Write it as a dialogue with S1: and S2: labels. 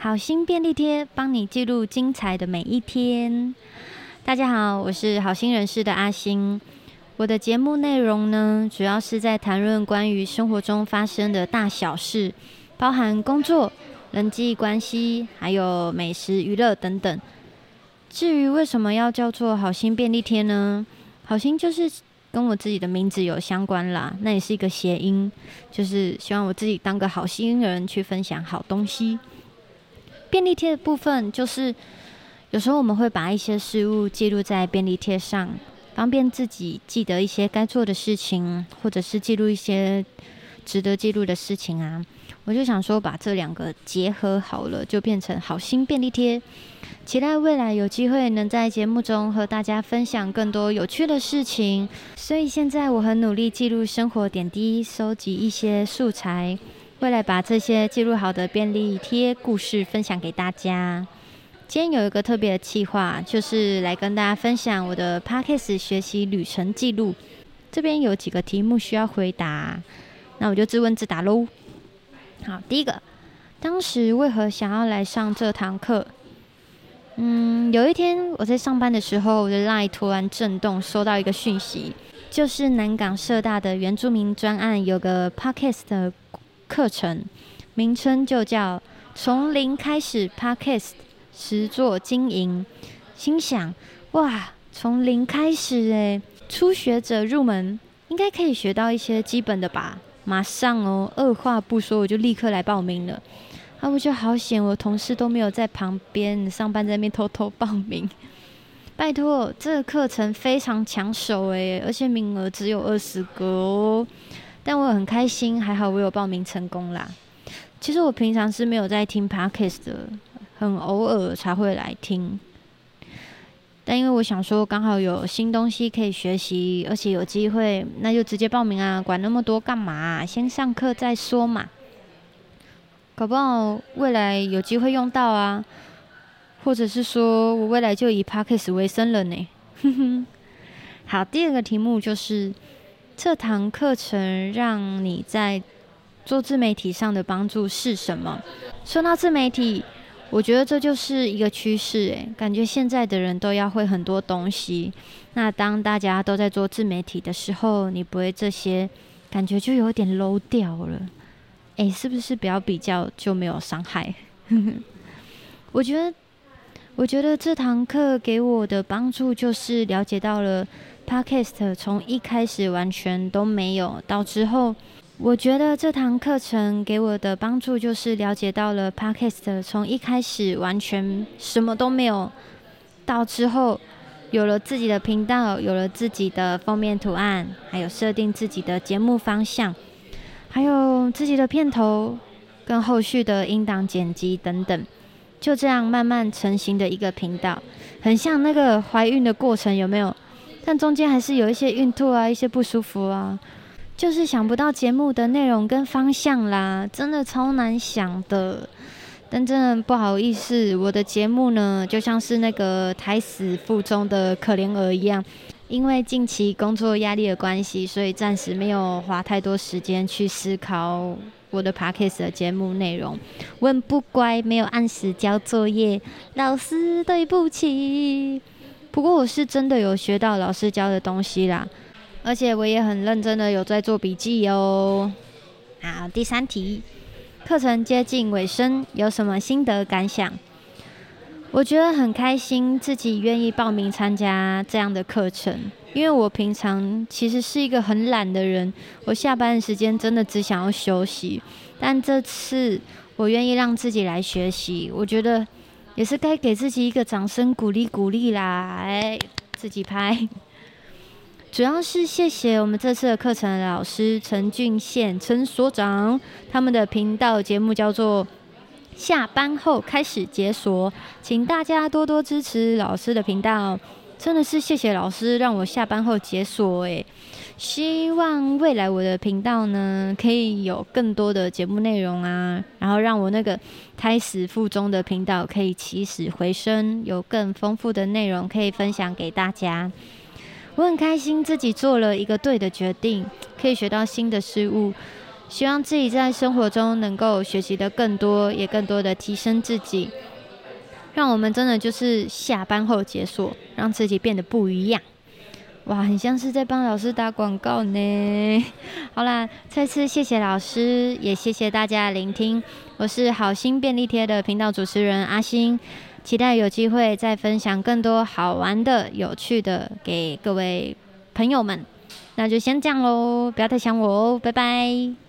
S1: 好星便利貼，幫你記錄精彩的每一天。大家好，我是好星人士的阿星。我的節目內容呢，主要是在談論關於生活中發生的大小事，包含工作、人際關係，還有美食、娛樂等等。至於為什麼要叫做好星便利貼呢？好星就是跟我自己的名字有相關啦，那也是一個諧音，就是希望我自己當個好星人，去分享好東西。便利貼的部分，就是有時候我們會把一些事物記錄在便利貼上，方便自己記得一些該做的事情，或者是記錄一些值得記錄的事情啊。我就想說，把這兩個結合好了，就變成好星便利貼。期待未來有機會能在節目中和大家分享更多有趣的事情。所以現在我很努力記錄生活點滴，收集一些素材。為了把這些記錄好的便利貼故事分享給大家，今天有一個特別的計劃，就是來跟大家分享我的 Podcast 學習旅程記錄。這邊有幾個題目需要回答，那我就自問自答嘍。好，第一個，當時為何想要來上這堂課？嗯，有一天我在上班的時候，我的 line 突然震動，收到一個訊息，就是南港社大的原住民專案有個 Podcast 的。課程名稱就叫“從零開始 Podcast 實作經營”，心想哇，從零開始誒，初學者入門應該可以學到一些基本的吧。馬上哦，二話不說我就立刻來報名了。阿、啊、不，就好險，我同事都沒有在旁邊上班，在那邊偷偷報名。拜托，這個課程非常搶手誒，而且名額只有二十個哦。但我很開心，還好我有報名成功啦。其實我平常是沒有在聽 Podcast 的，很偶爾才會來聽。但因為我想說，剛好有新東西可以學習，而且有機會，那就直接報名啊，管那麼多幹嘛啊？先上課再說嘛，搞不好未來有機會用到啊，或者是說我未來就以 Podcast 為生了呢。哼哼，好，第二個題目就是。這堂課程讓你在做自媒體上的幫助是什麼？說到自媒體，我覺得這就是一個趨勢、欸。誒，感覺現在的人都要會很多東西。那當大家都在做自媒體的時候，你不會這些，感覺就有點 low 掉了。誒、欸，是不是不要比較就沒有傷害？ 我覺得，我覺得這堂課給我的幫助就是了解到了。Podcast 從一開始完全都沒有，到之後，我覺得這堂課程給我的幫助就是了解到了 Podcast 從一開始完全什麼都沒有，到之後有了自己的頻道，有了自己的封面圖案，還有設定自己的節目方向，還有自己的片頭跟後續的音檔剪輯等等，就這樣慢慢成型的一個頻道，很像那個懷孕的過程，有沒有？但中間還是有一些孕吐啊，一些不舒服啊，就是想不到節目的內容跟方向啦，真的超難想的。但真的不好意思，我的節目呢，就像是那個胎死腹中的可憐兒一樣，因為近期工作壓力的關係，所以暫時沒有花太多時間去思考我的 Podcast 的節目內容。問不乖，沒有按時交作業，老師對不起。不過我是真的有學到老師教的東西啦，而且我也很認真的有在做筆記哦。好，第三題，課程接近尾聲，有什麼心得感想？我覺得很開心，自己願意報名參加這樣的課程，因為我平常其實是一個很懶的人，我下班的時間真的只想要休息，但這次我願意讓自己來學習，我覺得。也是該給自己一個掌聲鼓勵鼓勵來，自己拍。主要是謝謝我們這次的課程的老師陳俊憲陳所長，他們的頻道節目叫做《下班後開始解鎖》，請大家多多支持老師的頻道。真的是謝謝老師讓我下班後解鎖哎、欸！希望未來我的頻道呢，可以有更多的節目內容啊，然後讓我那個胎死腹中的頻道可以起死回生，有更豐富的內容可以分享給大家。我很開心自己做了一個對的決定，可以學到新的事物，希望自己在生活中能夠學習得更多，也更多的提升自己。讓我們真的就是下班後解鎖，讓自己變得不一樣。哇，很像是在幫老師打廣告呢。好啦，再次謝謝老師，也謝謝大家聆聽。我是好星便利貼的頻道主持人阿星，期待有機會再分享更多好玩的、有趣的給各位朋友們。那就先這樣嘍，不要太想我哦，拜拜。